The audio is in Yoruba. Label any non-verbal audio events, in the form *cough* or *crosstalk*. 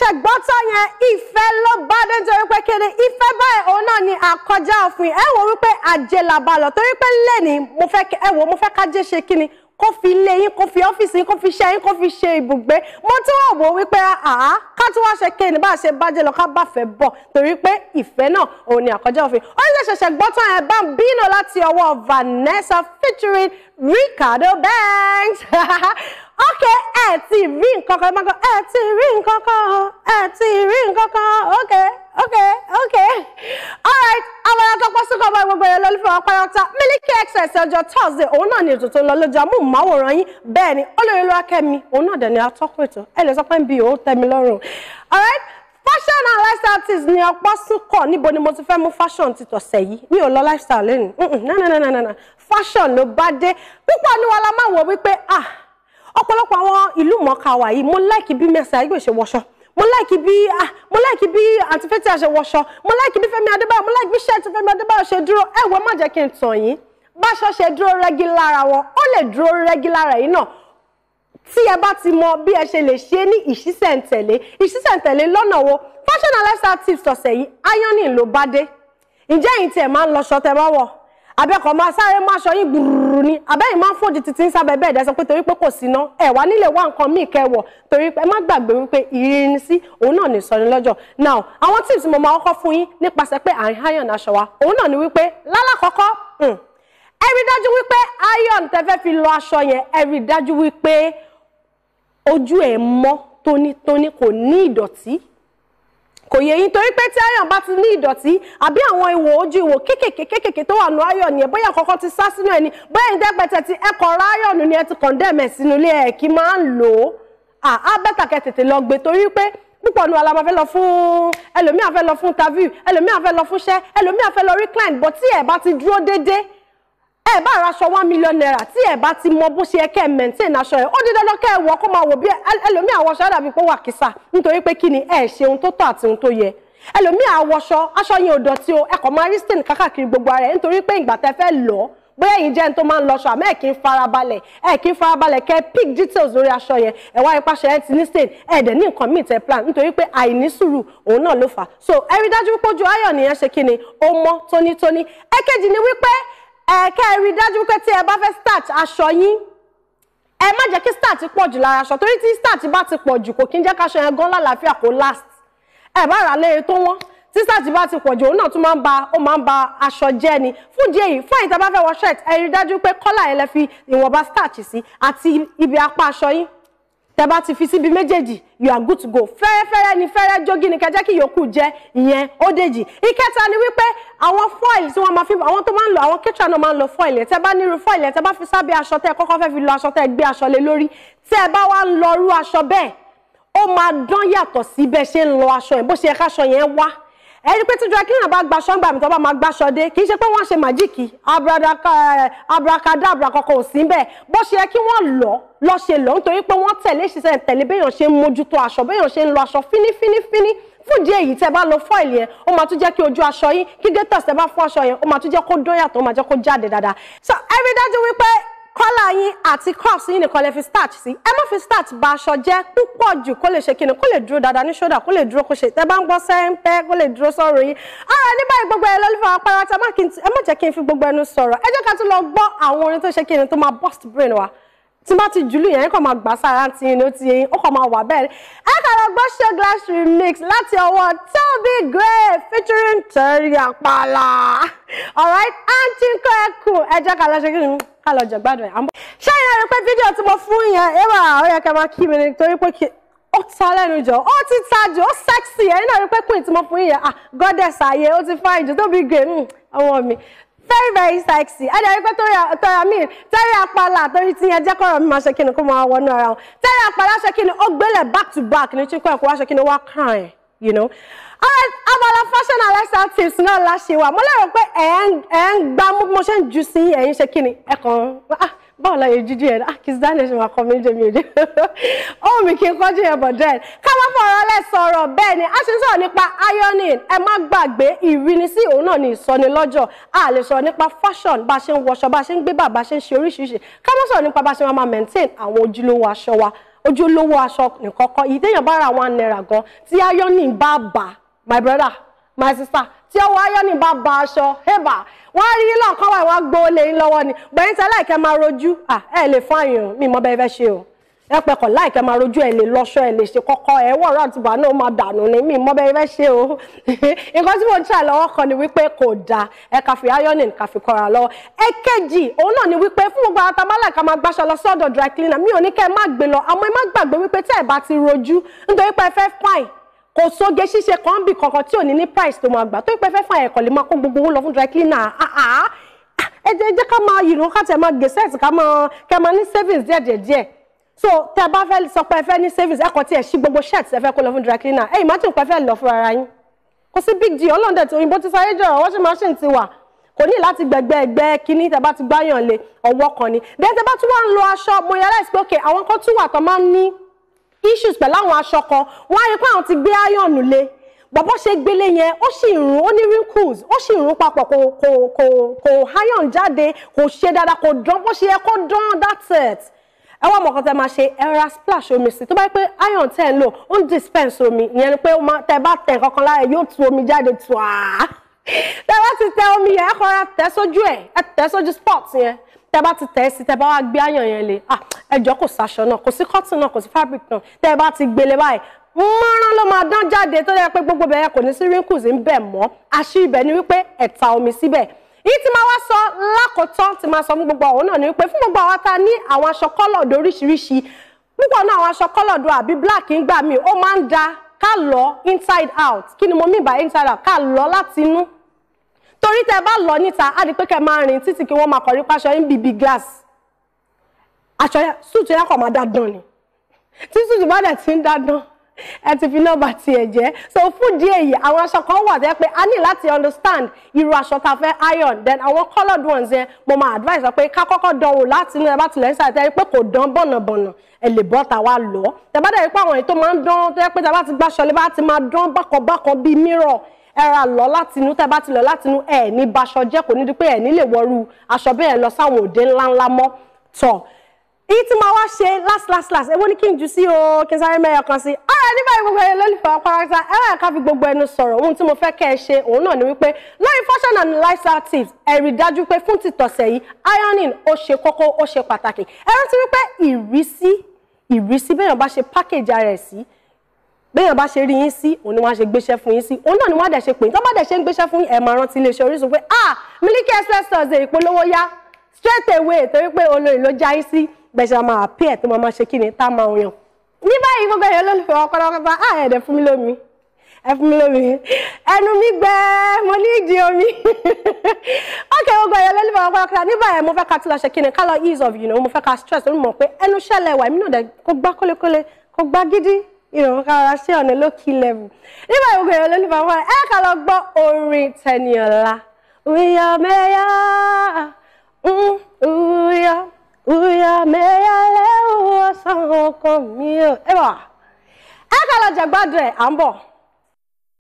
ṣẹ̀ṣẹ̀ gbọ́ tọ́ yẹn ìfẹ́ ló bá dé torí pé kéde ìfẹ́ báyìí òun náà ni àkọjá òfin ẹ wò wípé àjẹlàbalọ̀ torí pé lẹ́ni mo fẹ́ ẹ wò mo fẹ́ kájẹ́ ṣe kí ni kó fi ilé yín kó fi ọ́fíìsì yín kó fi iṣẹ́ yín kó fi ṣe ibùgbé mo tún wà wò wípé àá ká tún wá ṣe kéde bá a ṣe bájẹ́ lọ ká bá fẹ́ bọ̀ torí pé ìfẹ́ náà òun ni àkọjá òfin ó ṣe ṣẹ̀ṣẹ̀ gbọ́ tán ẹ̀ Bambino láti ọwọ́ Vanessa featuring Ricardo Banks *laughs* ok ẹ ti rí nǹkan kan ẹ máa kọ ẹ ti rí nǹkan kan ẹ ti rí nǹkan kan ok ok ok alright àwọn ẹ̀ka pọ́sùkọ̀ bá gbogbo ẹ̀ lọ́lọ́fẹ́ wọn pàrọ̀tà Miliki Express ọjọ́ Thursday òun náà ni ètò tó ń lọ lójú amóhùnmáwòrán yín bẹ́ẹ̀ ni olórí ló kẹ́mi òun náà dẹ̀ni atọ́kùn ètò ẹ lè sọ pé ń bi òun tẹ́mi lọ́rùn alright fashion and lifestyle tips ni ọ̀pọ̀ súnkọ̀ níbo ni mo ti fẹ́ mú fashion ti tọ̀sẹ̀ yìí mi ò lọ lifestyle lẹ́nu fashion ló bá dé púpọ̀ ní wa la máa wọ̀ wípé ah ọ̀pọ̀lọpọ̀ àwọn ìlú mọ̀ọ́ká wa yìí mo láìkí bí Mercy Aigbe ṣe wọṣọ mo láìkí bí ah, mo láìkí bí àǹtí Fẹ́tí àṣẹ wọṣọ mo láìkí bí Fẹ́mi Adébáyọ̀ mo láìkí bí ṣẹ́ẹ̀tì Fẹ́mi Adébáyọ̀ ṣe dúró ẹ̀wọ̀ má jẹ́ kí n tàn yín báṣọ ṣe dúró rẹ́gí lára wọn ó lè dúró rẹ́gí lára yìí náà tí ẹ bá ti mọ bí ẹ ṣe lè ṣe ní ìṣísẹ̀ntẹ̀lé ìṣísẹ̀ntẹ̀lé lọ́nà wo fashion and lifestyle tips ọ̀sẹ̀ yìí ironing ló bá dé ǹjẹ́ ẹ̀yin tí máa ń lọṣọ tẹ́ bá wọ̀ abẹ́kọ̀ máa sáré máa ṣọ yín gbùrùrù ni abẹ́yìn máa ń fòjì títí sábẹ́ bẹ́ẹ̀ dẹ́sán pé torí pé kò sí náà ẹ̀ wá nílé wá nǹkan míì kẹwọ̀ torí pé má gbàgbé wípé ìrírí sí òun náà ní sọni lọ́jọ́ now àwọn tips mo máa kọ́kọ́ fún yín nípasẹ̀ pé à ń háyàn aṣọ wa òun náà ni wípé lálàkọ́kọ́ hmm, ẹ rí dájú wípé iron tẹ fẹ́ fi lọ aṣọ yẹn ẹ rí dájú wípé ojú ẹ̀ mọ́ tónítóní kò ní ìdọ̀tí kò yẹ yín torí pé tí iron bá ti ní ìdọ̀tí àbí àwọn ìwò ojú ìwò kéékèèké kéékèèké tó wà nù iron ni bóyá kọ́kọ́ ti sá sínú ẹ ni bóyá ìdẹ́pẹ̀tẹ̀ ti ẹ̀kọ́ ra iron ni ẹ ti kọ̀ndẹ́mẹ̀ sínú ilé ẹ̀ kí máa ń lò ó àá bẹ́tà kẹ́ tètè lọ gbé torí pé púpọ̀ nu alamọ fẹ́ lọ fún ẹlòmíà fẹ́ lọ fún interview ẹlòmíà fẹ́ lọ fún iṣẹ́ ẹlòmíà fẹ́ lọ rí client bọ́ tí ẹ̀ bá ti dúró déédéé aṣọ one million naira tí ẹ bá ti mọ bó ṣe yẹ kẹ́ ẹ maintain aṣọ ẹ ó di dandan kẹ́ ẹ wọ̀ kó máa wò bí ẹlòmíì àwọn aṣọ àdàbí pé wà kísà nítorí pé kí ni ẹ ṣe ohun tó tọ́ àti ohun tó yẹ ẹlòmíì àwọn aṣọ aṣọ yẹn ò dọ̀tí o ẹ kò máa rí stain kákàkiri gbogbo ara ẹ nítorí pé ìgbà tẹ́ fẹ́ lọ bóyá ẹ̀yin jẹ́ ẹni tó máa ń lọ́ṣọ àmọ́ ẹ̀ kì í farabalẹ̀ ẹ̀ kì í farabalẹ̀ kẹ́ pick details lórí aṣọ yẹn ẹ̀ wá ipa ṣe ẹ̀ ti ní stain ẹ̀ dẹ̀ ní nǹkan míì tẹ́ plan nítorí pé àìní sùúrù òun náà ló fà so ẹ rí dájú pé ojú ayọ̀ nìyẹn ṣe kí ni ó mọ́ tónítóní ẹ̀kejì ni wípé ẹ kẹ́ ẹ rí i dájú pé tí ẹ bá fẹ́ starch aṣọ yín ẹ má jẹ́ kí starch pọ̀ jù lára aṣọ torí tí starch bá ti pọ̀ jù kò kí ń jẹ́ káṣọ yẹn gan lálàáfíà kó last ẹ bá rà lẹ́yìn tó wọ́n tí starch bá ti pọ̀ jù òun náà tún máa ń ba ó máa ń ba aṣọ jẹ́ ni fún díẹ̀ yìí fún àyíntà bá fẹ́ wọ shirt ẹ rí i dájú pé kọ́là yẹn lẹ fi ìwọ̀nba starch sí àti ibi apá aṣọ yín tẹ bá ti fi síbi méjèèjì you are good to go fẹ́rẹ́fẹ́rẹ́ ni fẹ́rẹ́ jogi ni kẹjẹ́ kí yòókù jẹ́ ìyẹn ó dèjì ìkẹta ni wípé àwọn foil tí wọ́n máa fi àwọn tó máa ń lò àwọn kitchen náà máa ń lo foil yẹn tẹ bá nírú foil yẹn tẹ bá fi sábẹ́ aṣọ tẹ kọ́kọ́ fẹ́ fi lo aṣọ tẹ gbé aṣọ lé lórí tẹ bá wá ń lọ rú aṣọ bẹ́ẹ̀ ó máa dán yàtọ̀ sí ṣe ń lọ aṣọ yẹn bó ṣe yẹ káṣọ yẹn wá ẹni pé tíjú akínyàn bá gbaṣọ ńgbà mi tó bá máa gbaṣọ dé kì í ṣe pé wọ́n ṣe màjíìkì abrakadabra kankan ò sí ń bẹ̀ bó ṣe yẹ kí wọ́n lọ lọ ṣe lọ nítorí pé wọ́n tẹ̀lé ìṣiṣẹ́ tẹ̀lé béèyàn ṣe ń mójútó aṣọ béèyàn ṣe ń lo aṣọ fínífínífíní fún díẹ̀ yìí tẹ́ bá lọ fọ́ìlì yẹn ó máa tún jẹ́ kí ojú aṣọ yín kí gétọ̀sẹ̀ bá fọ́ aṣọ yẹn ó máa tún jẹ́ kó dán yàtọ̀ ó máa jẹ́ kó jáde dáadáa so ẹ dájú wípé kọ́là yín àti crops yín nìkan lè fi starch sí ẹ má fi starch bà aṣọ jẹ́ púpọ̀ jù kó lè ṣe kíni kó lè dúró dáadáa ní ṣódà kó lè dúró kó ṣe tẹ́ bá ń gbọ́ sẹ́ńpẹ́ kó lè dúró sọ̀rọ̀ yín ara ní báyìí gbogbo ẹ lọ́lífà apára tí ẹ má jẹ́ kí n fi gbogbo ẹnu sọ̀rọ̀ ẹ jẹ́ ká tún lọ gbọ́ àwọn orin tó ṣe kíni tó máa burst brain wa tí bá ti jùlù yẹn kàn máa gbà sára ti inú ti yín ó kàn máa wà bẹ́ẹ̀ ẹ kàn lọ gbọ́ show glass remix láti ọwọ́ Tobi Gray featuring Terry Apala alright aunty kọ́ ẹ kù ẹ jẹ́ ká lọ ṣe kí ni ká lọ jẹ gbádùn ẹ̀ àmọ́. ṣé ìyá rẹ pé fídíò tí mo fún yẹn eva ó yẹ kẹ́ máa kí mi nítorí pé kí ó ta lẹ́nu jọ ó ti ta jù ó sẹ́ksì ẹ̀yin náà rí pé queen tí mo fún yẹn ah goddess ayé ó ti fáyìn jù tóbi gè hmm, ọmọ mi very very sexy ẹ dẹ̀ rí pé tọ́ra mi tẹ́rí apala torí tí yẹn jẹ́ kọ́rọ̀ mi máa ṣe kí ni kó máa wọnú ara wọn tẹ́rí apala ṣe kí ni ó gbélẹ̀ back to back ní chinkun ẹ̀kọ́ wá ṣe kí ni wá kàn ẹ̀ you know alright abala fashion and lifestyle tips náà la ṣe wà mo lérò pé ẹ ń gbá mo ṣe ń ju sí ẹ̀yin ṣe kíni ẹ kàn ah, báwo la yẹ jíjí yẹn ah kìí dáná ṣe máa kọ mí jẹ mi òde ohun mi kì í kọjú yẹn bọ̀ dẹ́n ká má fọ̀rọ̀ lẹ̀ sọ̀rọ̀ bẹ́ẹ̀ ni a ṣe ń sọ̀rọ̀ nípa ironing ẹ má gbàgbé ìrínisí òun náà ni ìsọnilọ́jọ̀ a lè sọ̀rọ̀ nípa fashion bá a ṣe ń wọṣọ bá a ṣe ń gbé bàbá ṣe ń ṣe oríṣiríṣi ká má sọ̀rọ̀ nípa bá a ṣe máa maintain àwọn ojúlówó aṣọ wa ojúlówó aṣọ nìkọ́kọ́ my brother my sister tí ọwọ́ ayọ́nì bá ba aṣọ hébà wọ́n á rí yín lọ́ọ̀kan wà wá gbó lé yín lọ́wọ́ ni gbẹ̀yìn tẹ́lẹ̀ kẹ́ máa rojú ẹ lè fún àyàn mi mọ́ bẹ́ẹ̀ fẹ́ ṣe o ẹ pẹ̀kọ̀ láìkẹ́ máa rojú ẹ lè lọ́ṣọ́ ẹ lè ṣe kọ́kọ́ ẹ wọ̀ ọ̀rọ̀ àtibá náà máa dànù ni mi mọ́ bẹ́ẹ̀ fẹ́ ṣe o *laughs* nǹkan tí mo ń ṣe lọ́wọ́ kan ni wípé kò dáa ẹ kà fi ayọ́nì kà fi kọ́ra lọ́wọ́ èkejì òun náà ni wípé fún gbogbo ara tabalẹ̀ ká máa gbàṣọ lọ sọ́dọ̀ dry cleaner mi ò ní kẹ́ ẹ má gbé lọ àmọ́ ẹ má gbàgbé wípé tẹ́ ẹ bá ti rojú nítorí pé ẹ fẹ́ fine kò sóge ṣíṣe kan bì kankan tí ò ní ní price tó máa gbà tó ìpẹ́ fẹ́ fún ẹ̀kọ́ lè máa kó gbogbo owó lọ fún dry cleaner àá ah, ah, ah. ẹ jẹ́ jẹ́ ká máa yìnbọn ká tẹ̀ máa gèsè ká máa ká máa ní savings díẹ̀ díẹ̀ díẹ̀ so tẹ́ bá fẹ́ sọ pé ẹ fẹ́ ní savings ẹ kọ́ tí ẹ ṣí gbogbo shirt ẹ fẹ́ kó lọ fún dry cleaner ẹ imagine pé ẹ fẹ́ lọ fún ara yín kò sí big deal ọlọ́dẹ tó òyìnbó ti sáré jọ̀rọ̀ washing machine ti wà kò ní láti gbẹgbẹ ẹgbẹ kínní tẹ́ bá ti gbáyàn lé ọwọ́ kan ni then tẹ́ bá tún wà ń lo aṣọ mo yàrá ìsìnkú òkè àwọn kan tún wà tán máa ń ní issues pẹ̀lú àwọn aṣọ kan wọ́n á rí pé àwọn ti gbé iron lé bọ́bọ́ ṣe gbélé yẹn ó sì rún ó ní wrinkles ó sì rún papọ̀ kò kò kò kò iron jáde kò ṣe dáadáa kò dán bó ṣe yẹ kó dán that's it ẹ wá mọ̀kàn tẹ máa ṣe ẹra splash omi sí tó bá yẹ pé iron tẹ̀ ń lò ó ń dispense omi ìyẹn ni pé tẹ bá tẹ kankan lára yóò tu omi jáde tù á tẹ bá ti tẹ omi yẹn ẹ kọ́ra tẹ sójú ẹ ẹ tẹ sójú spot yẹn tẹ bá ti tẹ̀ sí tẹ bá wá gbé àyàn yẹn lé ah ẹjọ́ kò sáṣọ náà kò sí cotton náà kò sí fabric náà tẹ bá ti gbélé báyìí mọ́rán ló máa dán jáde tó yẹ pé gbogbo bẹ̀rẹ̀ kò ní sí wrinkles ń bẹ̀ mọ́ àṣì ibẹ̀ ni wípé ẹ̀ta omi síbẹ̀ yìí ti máa wá sọ lákòótọ́ ti máa sọ fún gbogbo àwọn náà ni wípé fún gbogbo àwọn ta ní àwọn aṣọ kọ́lọ̀dù oríṣiríṣi púpọ̀ náà àwọn aṣọ kọ́lọ̀dù àbí black ń gbà mí ó máa ń da ká lọ inside out kí ni mo mí bá inside out ká lọ láti inú torí tẹ bá lọ níta á di pé kẹ máa rìn títí kí wọ́n máa kọrí pàṣọ ń bíbí glass aṣọ súùtù yẹn kò máa dá dán ni tí súùtù bá dẹ̀ ti ń dá dán ẹ ti fi nọ́mbà tiẹ̀ jẹ́ so fún díẹ̀ yìí àwọn aṣọ kan wà tẹ́ pé a ní láti understand irú aṣọ ta fẹ́ iron then àwọn coloured ones yẹn mo máa advise pé ká kọ́kọ́ dánwò láti inú ẹ bá tilẹ̀ ń ṣàtẹ́ pé kò dán bọ̀nàbọ̀nà ẹ lè bọ́ ta wá lọ tẹ bá dẹ̀ rí pé àwọn èyí tó máa ń dán tẹ́ pé tẹ bá ti gbàṣọ lè bá ti máa dán bákan bákan bíi mirror ẹra lọ látinú tẹ́ bá ti lọ látinú ẹ ní baṣọ jẹ́ kò ní di pé ẹ nílè wọrú aṣọ bẹ́ẹ̀ lọ sáwọn òde ńláńlá mọ́ tọ̀ èyí tí máa wá ṣe last last last èwo ni kí n jù sí o kí n sáré mẹ́yọ kan sí ọ̀rọ̀ ẹ̀ nígbà gbogbo ẹ̀yẹ lólùfẹ́ pàrọ̀tà ẹ̀rọ ẹ̀ka fi gbogbo ẹnu sọ̀rọ̀ ohun tí mo fẹ́ kẹ́ ẹ ṣe òun náà ni wípé lórí fashion and lifestyle tips ẹ rí dájú pé fún tìtọ̀sẹ̀ yìí ironing ó ṣe kókó ó ṣe pàtàkì ẹ rántí wípé ìrísí ìrísí bẹ́ẹ̀ bá ṣe package rẹ̀ sí béèyàn bá ṣe rí yín sí òun ni wọ́n á ṣe gbéṣẹ́ fún yín sí òun náà ni wọ́n á dẹ̀ ṣe pè yín tó bá dẹ̀ ṣe ń gbéṣẹ́ fún yín ẹ máa rántí iléeṣẹ́ Orísun pé ah Miliki Express Thursday ìpolówó yá straight away torí pé olórí ló já yín sí gbẹ̀ṣẹ̀ máa appear tó máa máa ṣe kí ni tá a máa yàn ní báyìí gbogbo ẹ̀yọ́ lólùfẹ́ wọn pátápátá ah ẹ̀ẹ́dẹ̀ fún mi lómi ẹ fún mi lómi ẹnu mi gbẹ mo ní ìdí omi ókè *laughs* gbogbo ẹ̀yọ́ lólùfẹ́ wọn pátápátá ní báyìí mo fẹ́ ká tún kí ni ká ease of you know mo fẹ́ ká stress ó mọ̀ pé ẹnu ṣẹlẹ̀ wà mí náà dẹ̀ kó gbá kólékólé kó gbá gidi ìrọ̀rùn ara sí ọ̀nà lókì level nígbà ìwé ìrọ̀lẹ́ olúfa wọn ẹ ká lọ gbọ́ orin Tẹniọlá uya mẹ́yà mm, uya uya mẹ́yà lẹ́wọ̀ sàn ọkọ mi ẹ bọ̀ ẹ ká lọ jẹ̀gbádùn ẹ̀ à ń bọ̀.